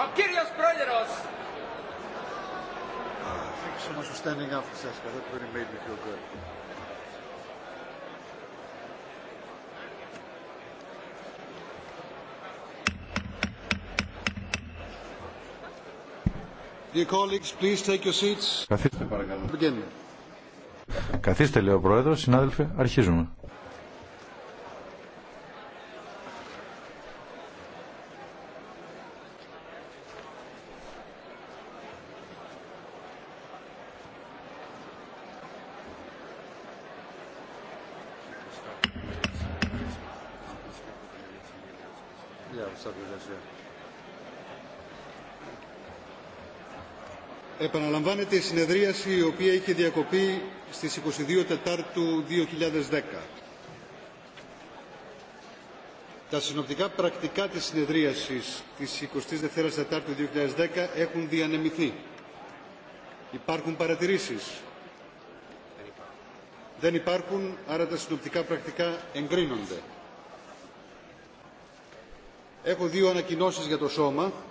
Ο κύριος πρόεδρος. ευχαριστώ. Καθίστε παρακαλώ. Καθίστε λέει ο πρόεδρος, συνάδελφε, αρχίζουμε. Επαναλαμβάνεται η συνεδρίαση η οποία είχε διακοπεί στις 22 Τετάρτου 2010. Τα συνοπτικά πρακτικά της συνεδρίασης της 22 Τετάρτου 2010 έχουν διανεμηθεί. Υπάρχουν παρατηρήσεις. Δεν υπάρχουν, άρα τα συνοπτικά πρακτικά εγκρίνονται. Έχω δύο ανακοινώσεις για το σώμα.